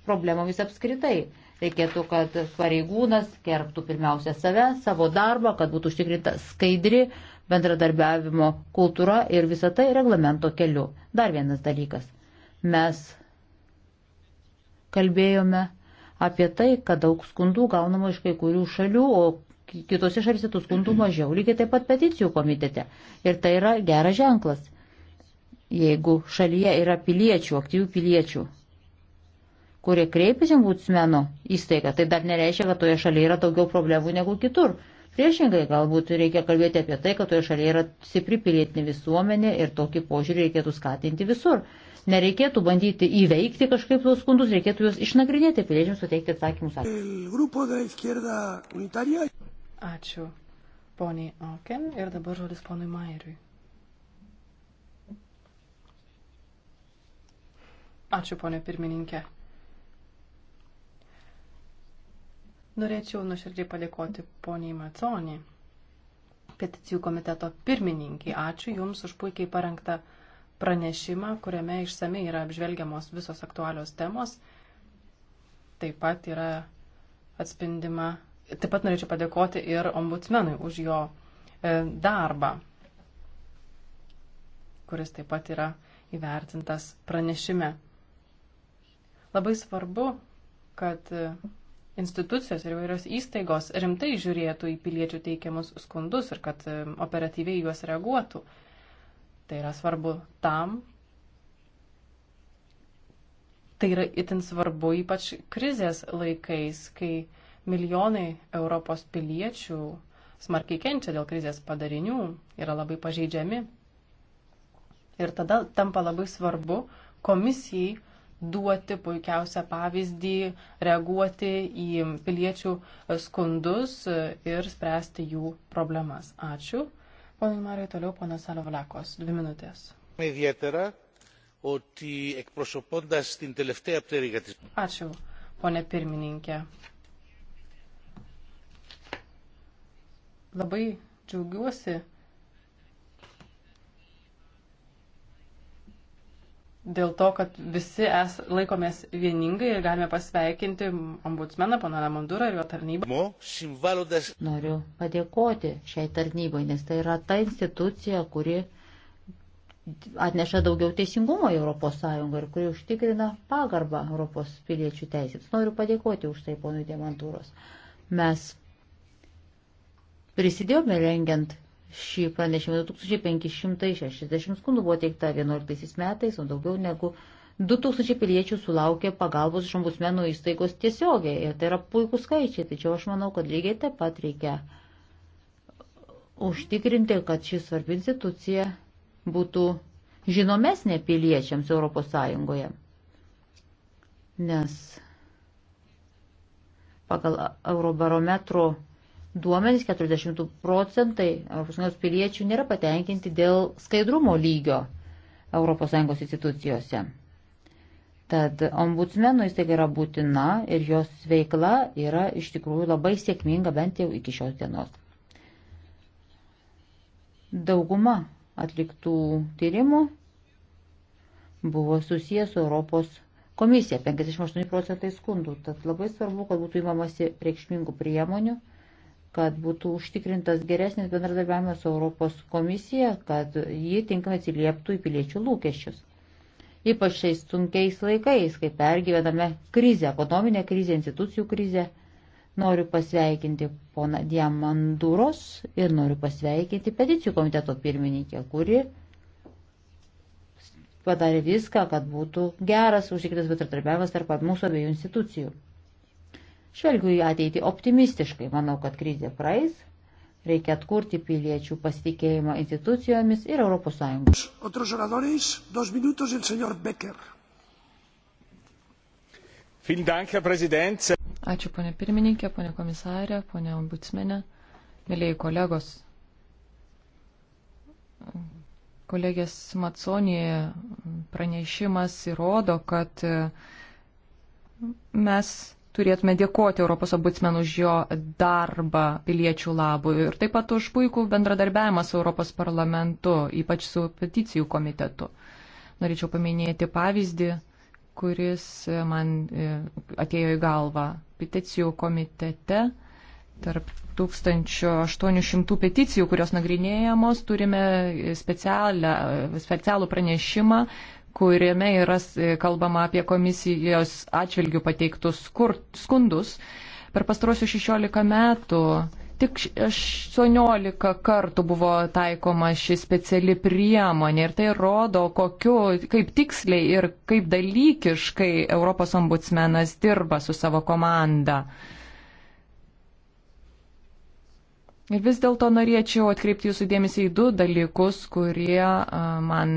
problemomis apskritai. Reikėtų, kad pareigūnas gerbtų pirmiausia save, savo darbą, kad būtų užtikrinta skaidri bendradarbiavimo kultūra ir visą tai reglamento keliu. Dar vienas dalykas. Mes kalbėjome apie tai, kad daug skundų gaunama iš kai kurių šalių, o kitose šalyse tų skundų mažiau. Lygiai taip pat peticijų komitete. Ir tai yra geras ženklas jeigu šalyje yra piliečių, aktyvių piliečių, kurie kreipiasi būtsmeno įstaigą, tai dar nereiškia, kad toje šalyje yra daugiau problemų negu kitur. Priešingai, galbūt reikia kalbėti apie tai, kad toje šalyje yra stipri pilietinė visuomenė ir tokį požiūrį reikėtų skatinti visur. Nereikėtų bandyti įveikti kažkaip tuos skundus, reikėtų juos išnagrinėti, piliečiams suteikti atsakymus. Ačiū. Ačiū, poniai Auken. Ir dabar žodis ponui Mairiui. Ačiū, ponė pirmininkė. Norėčiau nuoširdžiai padėkoti poniai Maconi, peticijų komiteto pirmininkiai. Ačiū Jums už puikiai parengtą pranešimą, kuriame išsamei yra apžvelgiamos visos aktualios temos. Taip pat yra atspindima. Taip pat norėčiau padėkoti ir ombudsmenui už jo e, darbą, kuris taip pat yra įvertintas pranešime. Labai svarbu, kad institucijos ir vairios įstaigos rimtai žiūrėtų į piliečių teikiamus skundus ir kad operatyviai juos reaguotų. Tai yra svarbu tam. Tai yra itin svarbu ypač krizės laikais, kai milijonai Europos piliečių smarkiai kenčia dėl krizės padarinių, yra labai pažeidžiami. Ir tada tampa labai svarbu komisijai duoti puikiausią pavyzdį, reaguoti į piliečių skundus ir spręsti jų problemas. Ačiū. Pone Marai, toliau ponas Alvalakos. Dvi minutės. Ačiū, ponė pirmininkė. Labai džiaugiuosi dėl to, kad visi es, laikomės vieningai ir galime pasveikinti ombudsmeną, pana Ramondurą ir jo tarnybą. Noriu padėkoti šiai tarnybai, nes tai yra ta institucija, kuri atneša daugiau teisingumo į ES ir kuri užtikrina pagarbą Europos piliečių teisėms. Noriu padėkoti už tai ponui Demantūros. Mes prisidėjome rengiant šį pranešimą 2560 skundų buvo teikta 11 metais, o daugiau negu 2000 piliečių sulaukė pagalbos iš ombudsmenų įstaigos tiesiogiai. Ir tai yra puikūs skaičiai, tačiau aš manau, kad lygiai taip pat reikia užtikrinti, kad ši svarbi institucija būtų žinomesnė piliečiams Europos Sąjungoje. Nes pagal Eurobarometro duomenys 40 procentai ES piliečių nėra patenkinti dėl skaidrumo lygio ES institucijose. Tad ombudsmeno įstaiga yra būtina ir jos veikla yra iš tikrųjų labai sėkminga bent jau iki šios dienos. Dauguma atliktų tyrimų buvo susijęs su Europos komisija 58 procentai skundų. Tad labai svarbu, kad būtų įmamasi reikšmingų priemonių kad būtų užtikrintas geresnis bendradarbiavimas su Europos komisija, kad ji tinkamai atsilieptų į piliečių lūkesčius. Ypač šiais sunkiais laikais, kai pergyvename krizę, ekonominę krizę, institucijų krizę, noriu pasveikinti poną Diamanduros ir noriu pasveikinti peticijų komiteto pirmininkę, kuri padarė viską, kad būtų geras užtikrintas bendradarbiavimas tarp mūsų abiejų institucijų. Žvelgiu į ateitį optimistiškai, manau, kad krizė praeis, reikia atkurti piliečių pasitikėjimą institucijomis ir Europos Sąjungos. Ačiū, ponė pirmininkė, ponė komisarė, ponė ombudsmenė, mėlyjei kolegos. Kolegės Matsonė pranešimas įrodo, kad mes turėtume dėkoti Europos obudsmenų už jo darbą piliečių labui ir taip pat už puikų bendradarbiavimą su Europos parlamentu, ypač su peticijų komitetu. Norėčiau paminėti pavyzdį, kuris man e, atėjo į galvą peticijų komitete. Tarp 1800 peticijų, kurios nagrinėjamos, turime specialų pranešimą kuriame yra e, kalbama apie komisijos atžvilgių pateiktus skur, skundus. Per pastarosius 16 metų tik 18 kartų buvo taikoma ši speciali priemonė ir tai rodo, kokiu, kaip tiksliai ir kaip dalykiškai Europos ombudsmenas dirba su savo komanda. Ir vis dėlto norėčiau atkreipti jūsų dėmesį į du dalykus, kurie man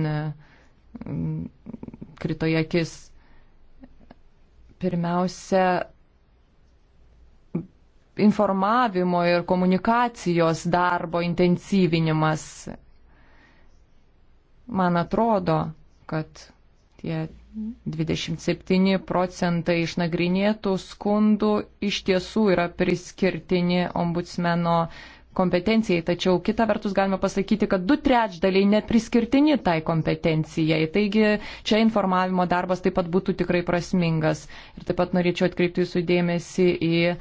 krito į akis. Pirmiausia, informavimo ir komunikacijos darbo intensyvinimas. Man atrodo, kad tie 27 procentai išnagrinėtų skundų iš tiesų yra priskirtini ombudsmeno kompetencijai, tačiau kita vertus galima pasakyti, kad du trečdaliai nepriskirtini tai kompetencijai. Taigi čia informavimo darbas taip pat būtų tikrai prasmingas. Ir taip pat norėčiau atkreipti jūsų dėmesį į e,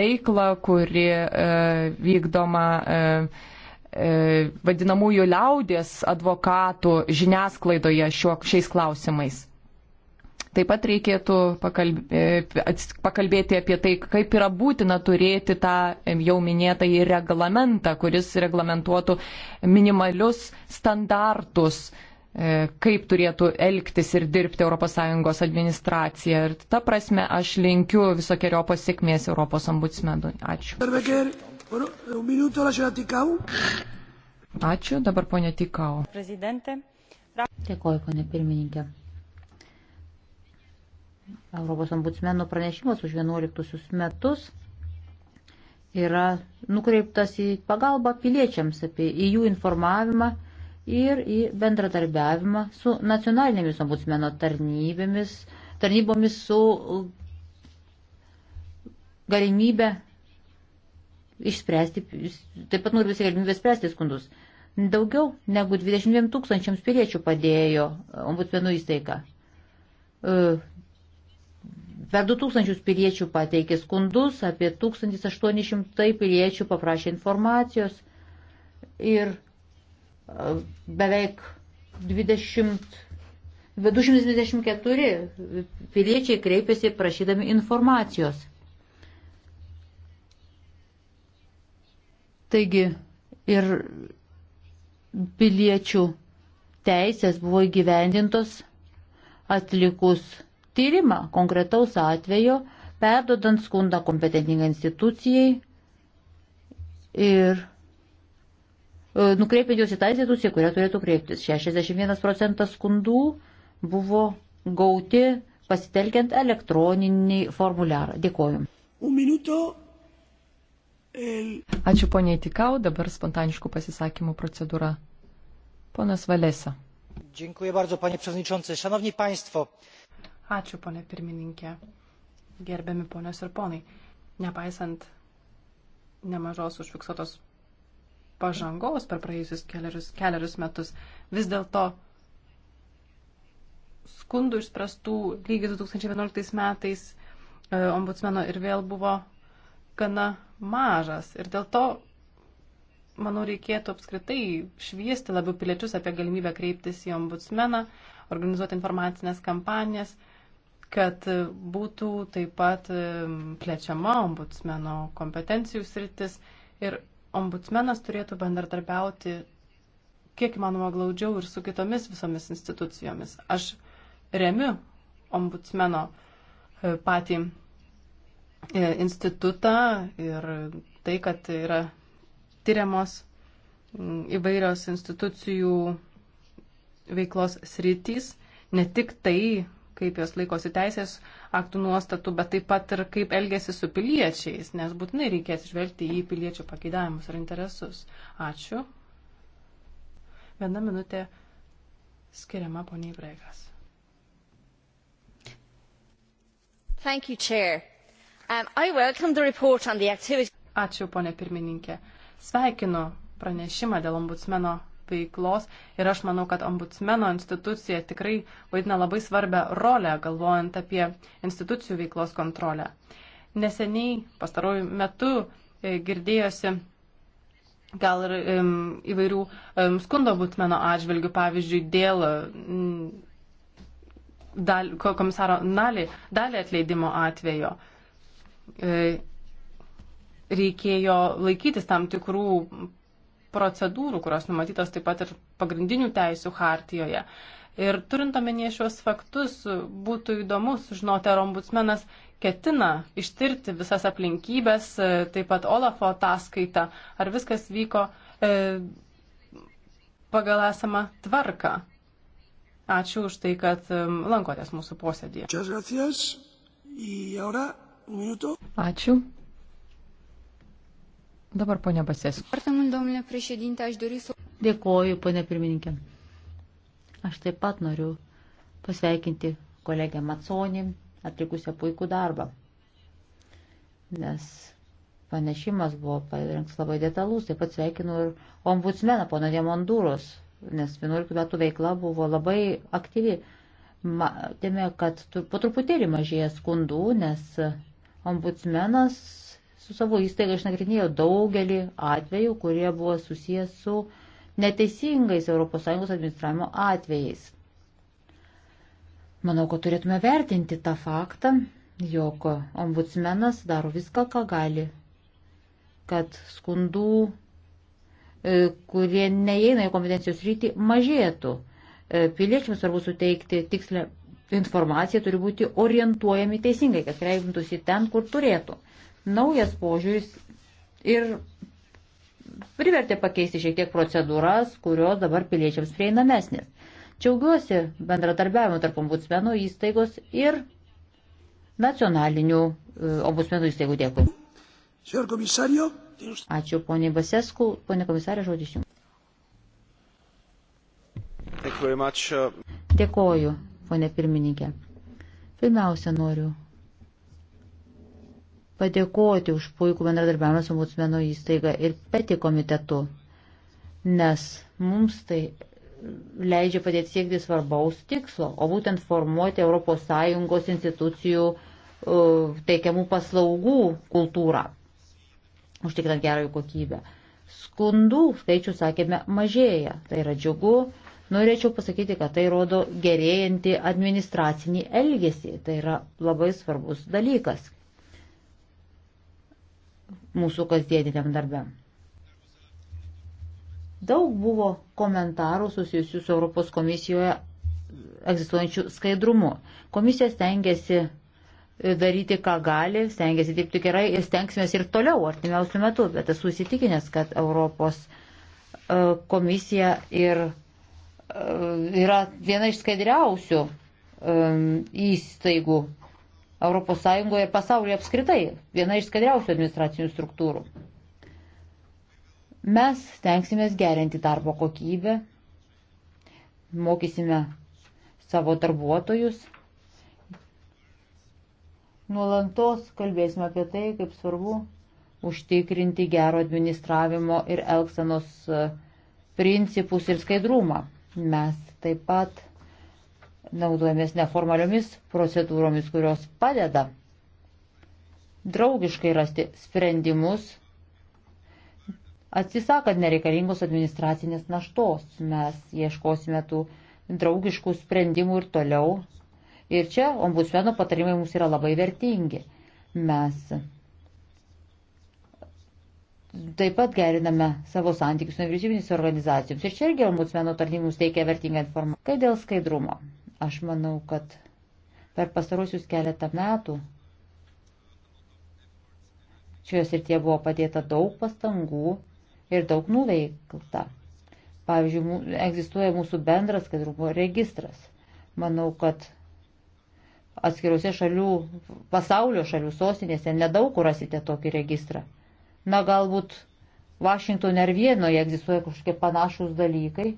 veiklą, kuri e, vykdoma. E, e vadinamųjų liaudės advokatų žiniasklaidoje šiuo, šiais klausimais. Taip pat reikėtų e, pakalbėti apie tai, kaip yra būtina turėti tą e, jau minėtą į reglamentą, kuris reglamentuotų minimalius standartus e, kaip turėtų elgtis ir dirbti ES administracija. Ir ta prasme aš linkiu visokiojo pasiekmės Europos ombudsmenui. Ačiū. Ačiū, dabar ponė Tikau. Dėkuoju, ponė pirmininkė. Europos ombudsmenų pranešimas už 11 metus yra nukreiptas į pagalbą piliečiams, apie, į jų informavimą ir į bendradarbiavimą su nacionalinėmis ombudsmeno tarnybėmis, tarnybomis su uh, galimybė išspręsti, taip pat noriu visą galimybę spręsti skundus. Daugiau negu 22 tūkstančiams piliečių padėjo ombudsmenų įstaiga. Uh, Per 2000 piliečių pateikė skundus, apie 1800 piliečių paprašė informacijos ir e, beveik 20, 224 piliečiai kreipėsi prašydami informacijos. Taigi ir piliečių teisės buvo įgyvendintos atlikus tyrimą konkretaus atvejo, perdodant skundą kompetentingai institucijai ir e, nukreipiant juos į tą instituciją, kurią turėtų kreiptis. 61 procentas skundų buvo gauti pasitelkiant elektroninį formuliarą. Dėkoju. Ačiū poniai Tikau, dabar spontaniškų pasisakymų procedūra. Ponas Valesa. Dziękuję bardzo, panie przewodniczący. Szanowni państwo, Ačiū, ponė pirmininkė. Gerbiami ponios ir ponai. Nepaisant nemažos užfiksuotos pažangos per praėjusius keliarius, keliarius metus, vis dėlto skundų išspręstų lygiai 2011 metais e, ombudsmeno ir vėl buvo gana mažas. Ir dėl to, manau, reikėtų apskritai šviesti labiau piliečius apie galimybę kreiptis į ombudsmeną, organizuoti informacinės kampanijas kad būtų taip pat plečiama ombudsmeno kompetencijų sritis ir ombudsmenas turėtų bendradarbiauti kiek įmanoma glaudžiau ir su kitomis visomis institucijomis. Aš remiu ombudsmeno e, patį e, institutą ir tai, kad yra tyriamos įvairios institucijų veiklos sritys, ne tik tai kaip jos laikosi teisės aktų nuostatų, bet taip pat ir kaip elgesi su piliečiais, nes būtinai reikės žvelgti į piliečių pakeidavimus ir interesus. Ačiū. Viena minutė skiriama poniai Bregas. Thank you, Chair. Um, I welcome the report on the activity. Ačiū, ponė pirmininkė. Sveikinu pranešimą dėl ombudsmeno veiklos ir aš manau, kad ombudsmeno institucija tikrai vaidina labai svarbę rolę, galvojant apie institucijų veiklos kontrolę. Neseniai, pastarojų metų, e, girdėjosi gal ir um, įvairių um, skundo ombudsmeno atžvilgių, pavyzdžiui, dėl um, dal, komisaro dalį, dalį atleidimo atvejo. E, reikėjo laikytis tam tikrų procedūrų, kurios numatytos taip pat ir pagrindinių teisų hartijoje. Ir turint omenyje šios faktus, būtų įdomu sužinoti, ar ombudsmenas ketina ištirti visas aplinkybės, e, taip pat Olafo ataskaitą, ar viskas vyko e, pagal esamą tvarką. Ačiū už tai, kad e, lankotės mūsų posėdėje. Ačiū. Dabar ponia Basės. Dėkoju, ponia pirmininkė. Aš taip pat noriu pasveikinti kolegę Maconį, atlikusią puikų darbą. Nes panešimas buvo parengtas labai detalus, taip pat sveikinu ir ombudsmeną, poną Diamondūros, nes 11 metų veikla buvo labai aktyvi. Matėme, kad po truputėlį mažėja skundų, nes ombudsmenas su savo įstaiga išnagrinėjo daugelį atvejų, kurie buvo susijęs su neteisingais ES administravimo atvejais. Manau, kad turėtume vertinti tą faktą, jog ombudsmenas daro viską, ką gali, kad skundų, e, kurie neįeina į kompetencijos rytį, mažėtų. E, piliečiams svarbu suteikti tikslę informaciją, turi būti orientuojami teisingai, kad kreiptųsi ten, kur turėtų. Naujas požiūris ir privertė pakeisti šiek tiek procedūras, kurios dabar piliečiams prieinamesnės. Džiaugiuosi bendratarbiavimu tarp ombudsmenų įstaigos ir nacionalinių e, ombudsmenų įstaigų. Dėkui. Ačiū poniai Basesku. Pone komisarė, žodis jums. Uh- Dėkuoju, ponė pirmininkė. Pirmiausia, noriu padėkoti už puikų bendradarbiavimą su mūsų įstaiga ir peti komitetu, nes mums tai leidžia padėti siekti svarbaus tikslo, o būtent formuoti ES institucijų e, teikiamų paslaugų kultūrą, užtikrinant gerą jų kokybę. Skundų skaičių, sakėme, mažėja, tai yra džiugu. Norėčiau pasakyti, kad tai rodo gerėjantį administracinį elgesį, tai yra labai svarbus dalykas mūsų kasdieniniam darbėm. Daug buvo komentarų susijusių su Europos komisijoje egzistuojančių skaidrumu. Komisija stengiasi e, daryti, ką gali, stengiasi dirbti gerai ir stengsimės ir toliau artimiausių metų, bet esu įsitikinęs, kad Europos e, komisija ir e, yra viena iš skaidriausių įstaigų ES ir pasaulyje apskritai viena iš skaidriausių administracinių struktūrų. Mes tenksimės gerinti darbo kokybę, mokysime savo darbuotojus, nuolantos kalbėsime apie tai, kaip svarbu užtikrinti gero administravimo ir elksenos e, principus ir skaidrumą. Mes taip pat naudojamės neformaliomis procedūromis, kurios padeda draugiškai rasti sprendimus, atsisakant nereikalingos administracinės naštos. Mes ieškosime tų draugiškų sprendimų ir toliau. Ir čia ombudsmeno patarimai mums yra labai vertingi. Mes taip pat geriname savo santykius su nevyriausybinėmis organizacijoms. Ir čia irgi ombudsmeno tarnybų mums teikia vertingą informaciją. Kai dėl skaidrumo? Aš manau, kad per pastarosius keletą metų šioje srityje buvo padėta daug pastangų ir daug nuveikta. Pavyzdžiui, egzistuoja mūsų bendras skaidrumo registras. Manau, kad atskiruose šalių, pasaulio šalių sostinėse nedaug kur rasite tokį registrą. Na, galbūt Vašingtonė ar Vienoje egzistuoja kažkokie panašus dalykai,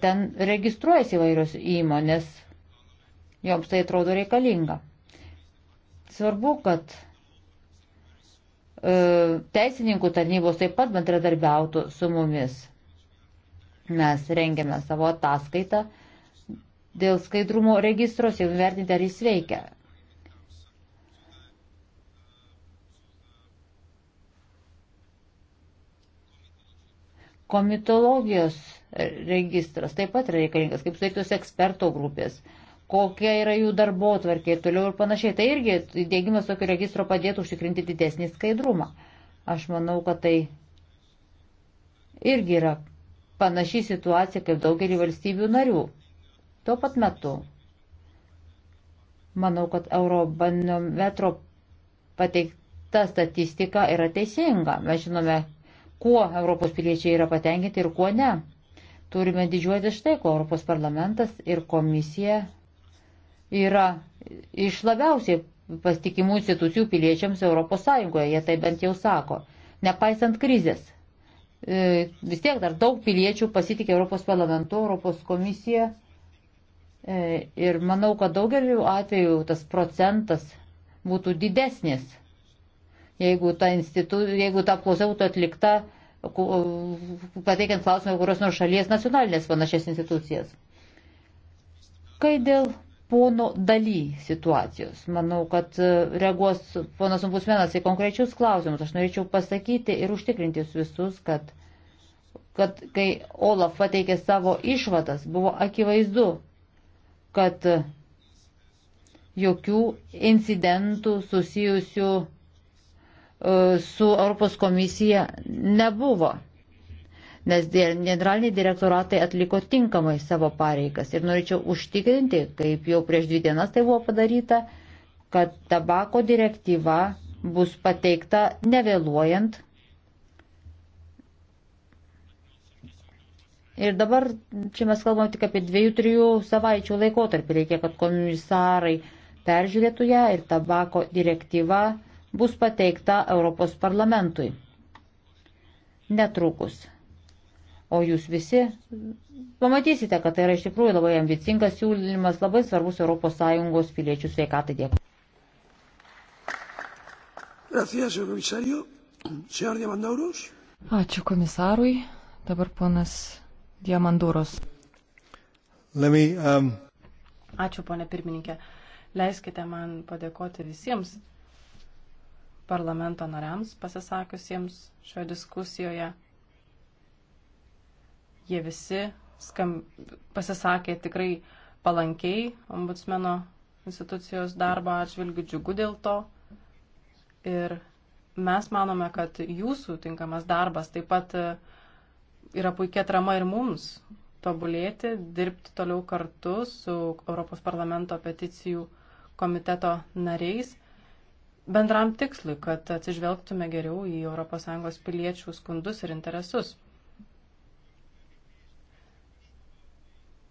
ten registruojasi įvairios įmonės, joms tai atrodo reikalinga. Svarbu, kad e, teisininkų tarnybos taip pat bendradarbiautų su mumis. Mes rengiame savo ataskaitą dėl skaidrumo registros ir vertinti, ar jis veikia. Komitologijos registras taip pat reikalingas, kaip suteiktos eksperto grupės, kokia yra jų darbo tvarkė ir toliau ir panašiai. Tai irgi įdėgymas tokio registro padėtų užtikrinti didesnį skaidrumą. Aš manau, kad tai irgi yra panaši situacija kaip daugelį valstybių narių. Tuo pat metu, manau, kad Eurobarometro pateikta statistika yra teisinga. Mes žinome, kuo Europos piliečiai yra patenkinti ir kuo ne turime didžiuotis štai, ko Europos parlamentas ir komisija yra iš labiausiai pastikimų institucijų piliečiams Europos Sąjungoje, jie tai bent jau sako, nepaisant krizės. E, vis tiek dar daug piliečių pasitikė Europos parlamentu, Europos komisija e, ir manau, kad daugeliu atveju tas procentas būtų didesnis, jeigu ta, institu, jeigu ta apklausa būtų atlikta pateikiant klausimą kurios nors šalies nacionalinės panašias institucijas. Kai dėl pono daly situacijos, manau, kad e, reaguos ponas Umbusmenas į konkrečius klausimus, aš norėčiau pasakyti ir užtikrinti jūs visus, kad, kad kai Olaf pateikė savo išvadas, buvo akivaizdu, kad e, jokių incidentų susijusių E, su Europos komisija nebuvo, nes generaliniai direktoratai atliko tinkamai savo pareigas. Ir norėčiau užtikrinti, kaip jau prieš dvi dienas tai buvo padaryta, kad tabako direktyva bus pateikta nevėluojant. Ir dabar čia mes kalbam tik apie dviejų, trijų savaičių laikotarpį. Reikia, kad komisarai peržiūrėtų ją ir tabako direktyva uh, bus pateikta Europos parlamentui netrukus. O jūs visi pamatysite, kad tai yra iš tikrųjų labai ambicingas siūlymas, labai svarbus ES piliečių sveikatai. Dėkui. Ačiū komisarui. Dabar ponas Diamanduros. Me, um... Ačiū, ponė pirmininkė. Leiskite man padėkoti visiems parlamento nariams pasisakiusiems šioje diskusijoje. Jie visi skam, pasisakė tikrai palankiai ombudsmeno institucijos darbo atžvilgių džiugu dėl to. Ir mes manome, kad jūsų tinkamas darbas taip pat e, yra puikia trama ir mums tobulėti, dirbti toliau kartu su Europos parlamento peticijų komiteto nariais bendram tikslui, kad atsižvelgtume geriau į ES piliečių skundus ir interesus.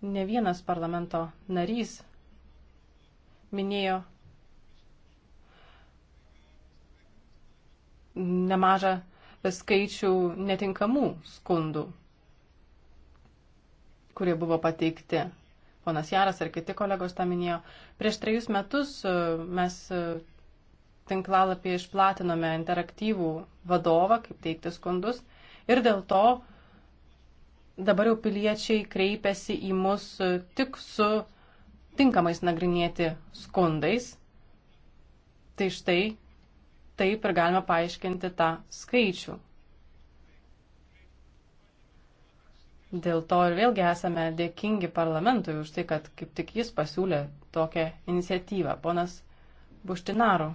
Ne vienas parlamento narys minėjo nemažą skaičių netinkamų skundų, kurie buvo pateikti. Ponas Jaras ir kiti kolegos tą minėjo. Prieš trejus metus e, mes e, tinklalapyje išplatinome interaktyvų vadovą, kaip teikti skundus. Ir dėl to dabar jau piliečiai kreipiasi į mus tik su tinkamais nagrinėti skundais. Tai štai taip ir galime paaiškinti tą skaičių. Dėl to ir vėlgi esame dėkingi parlamentui už tai, kad kaip tik jis pasiūlė tokią iniciatyvą. Ponas Buštinaru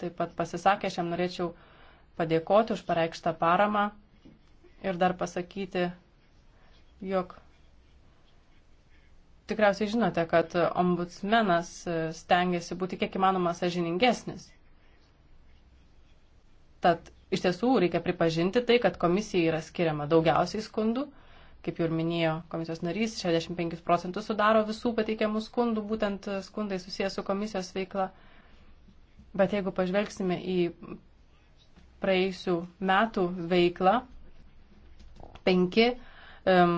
taip pat pasisakė, šiam norėčiau padėkoti už pareikštą paramą ir dar pasakyti, jog tikriausiai žinote, kad ombudsmenas stengiasi būti kiek įmanoma sažiningesnis. Tad iš tiesų reikia pripažinti tai, kad komisijai yra skiriama daugiausiai skundų. Kaip jau ir minėjo komisijos narys, 65 procentus sudaro visų pateikiamų skundų, būtent skundai susijęs su komisijos veikla. Bet jeigu pažvelgsime į praėjusių metų veiklą, penki um,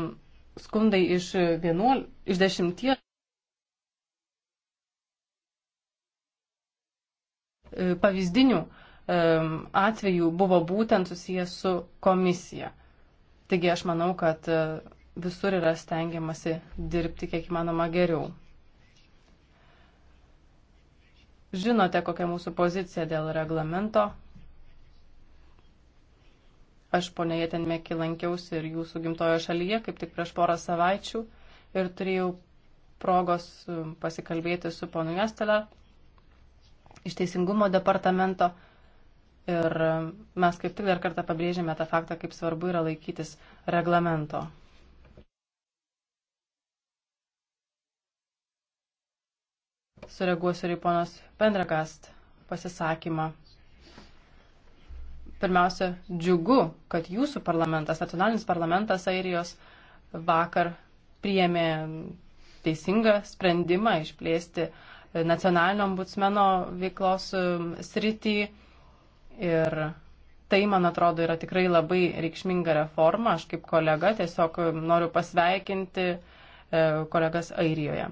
skundai iš, vienuol, iš dešimties e, pavyzdinių um, atvejų buvo būtent susijęs su komisija. Taigi aš manau, kad e, visur yra stengiamasi dirbti kiek įmanoma geriau. Žinote, kokia mūsų pozicija dėl reglamento. Aš ponėje ten mėki lankiausi ir jūsų gimtojo šalyje, kaip tik prieš porą savaičių, ir turėjau progos um, pasikalbėti su ponu Jastelė iš Teisingumo departamento. Ir um, mes kaip tik dar kartą pabrėžėme tą faktą, kaip svarbu yra laikytis reglamento. sureaguosiu ir į ponos Pendragast pasisakymą. Pirmiausia, džiugu, kad jūsų parlamentas, nacionalinis parlamentas Airijos vakar priėmė teisingą sprendimą išplėsti nacionalinio ombudsmeno veiklos um, sritį. Ir tai, man atrodo, yra tikrai labai reikšminga reforma. Aš kaip kolega tiesiog noriu pasveikinti e, kolegas Airijoje.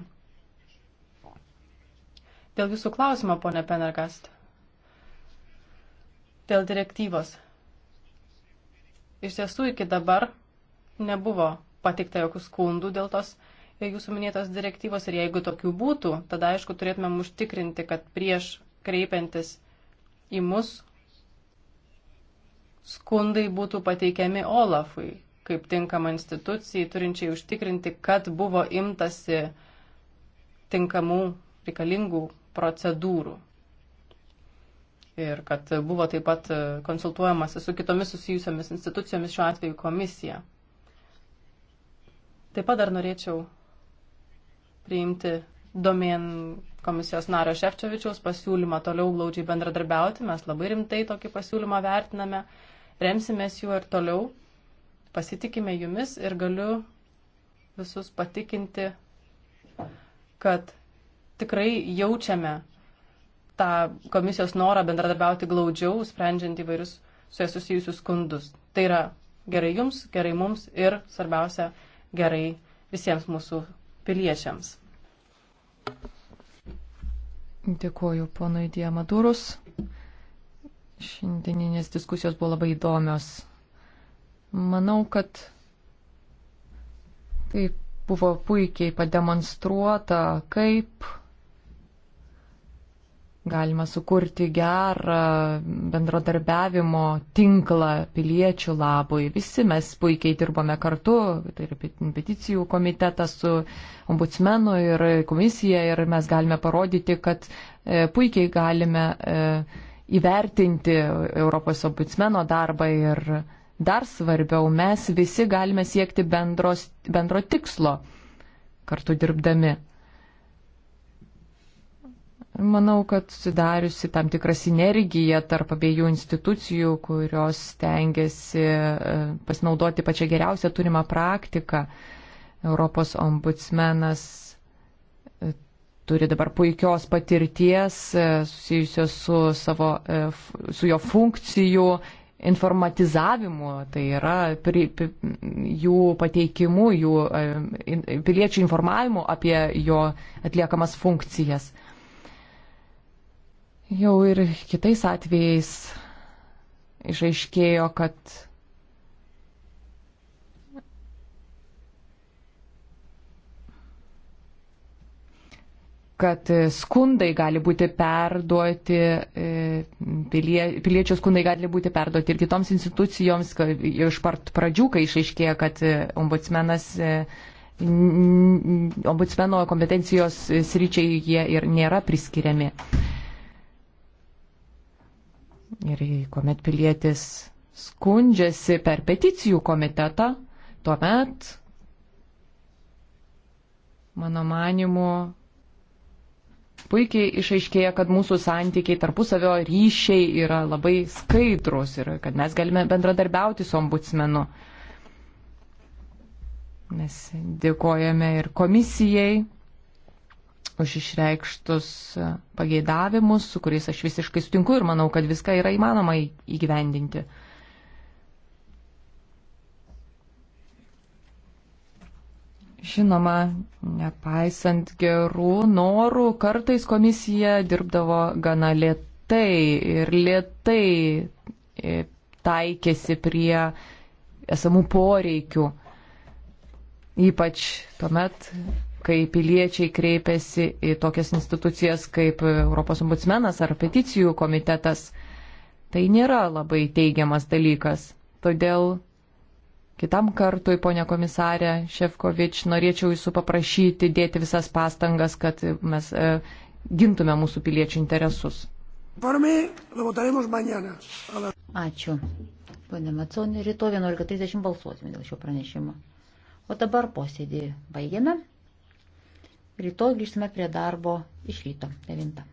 Dėl jūsų klausimo, ponė Penergast. Dėl direktyvos. Iš tiesų iki dabar nebuvo patikta jokių skundų dėl tos e, jūsų minėtos direktyvos ir jeigu tokių būtų, tada aišku turėtumėm užtikrinti, kad prieš kreipiantis į mus skundai būtų pateikiami Olafui kaip tinkama institucijai, turinčiai užtikrinti, kad buvo imtasi tinkamų reikalingų procedūrų. Ir kad buvo taip pat e, konsultuojamasi su kitomis susijusiamis institucijomis, šiuo atveju komisija. Taip pat dar norėčiau priimti domėn komisijos nario Šefčiovičiaus pasiūlymą toliau glaudžiai bendradarbiauti. Mes labai rimtai tokį pasiūlymą vertiname, remsimės juo ir toliau, pasitikime jumis ir galiu visus patikinti, kad tikrai jaučiame tą komisijos norą bendradarbiauti glaudžiau, sprendžiant įvairius su jais susijusius skundus. Tai yra gerai jums, gerai mums ir, svarbiausia, gerai visiems mūsų piliečiams. Dėkuoju ponui Diamadurus. Šiandieninės diskusijos buvo labai įdomios. Manau, kad tai buvo puikiai pademonstruota, kaip galima sukurti gerą bendradarbiavimo tinklą piliečių labui. Visi mes puikiai dirbome kartu, tai yra peticijų komitetas su ombudsmenu ir komisija ir mes galime parodyti, kad e, puikiai galime e, įvertinti Europos ombudsmeno darbą ir dar svarbiau, mes visi galime siekti bendros, bendro tikslo kartu dirbdami. Manau, kad sudariusi tam tikrą sinergiją tarp abiejų institucijų, kurios tengiasi e, pasinaudoti pačią geriausią turimą praktiką. Europos ombudsmenas e, turi dabar puikios patirties e, susijusios su, savo, su jo funkcijų informatizavimu, tai yra pri, pri, jų pateikimu, jų piliečių informavimu apie jo atliekamas funkcijas. Jau ir kitais atvejais išaiškėjo, kad kad skundai gali būti perduoti, e, pilie, piliečių skundai gali būti perduoti ir kitoms institucijoms iš part pradžių, kai išaiškėja, kad e, ombudsmenas, e, ombudsmeno kompetencijos sryčiai jie ir nėra priskiriami. Ir kuomet pilietis skundžiasi per peticijų komitetą, tuomet, mano manimu, puikiai išaiškėja, kad mūsų santykiai tarpusavio ryšiai yra labai skaidrus ir kad mes galime bendradarbiauti su ombudsmenu. Mes dėkojame ir komisijai už išreikštus pageidavimus, su kuriais aš visiškai sutinku ir manau, kad viską yra įmanoma įgyvendinti. Žinoma, nepaisant gerų norų, kartais komisija dirbdavo gana lietai ir lietai e, taikėsi prie esamų poreikių. Ypač tuomet, kai piliečiai kreipiasi į tokias institucijas kaip Europos ombudsmenas ar peticijų komitetas. Tai nėra labai teigiamas dalykas. Todėl kitam kartui, ponė komisarė Šefkovič, norėčiau jūsų paprašyti dėti visas pastangas, kad mes e, gintume mūsų piliečių interesus. Ačiū. Pane Maconė, rytoj 11.30 balsuosime dėl šio pranešimo. O dabar posėdį baigiame. Rytoj grįžtame prie darbo iš ryto 9.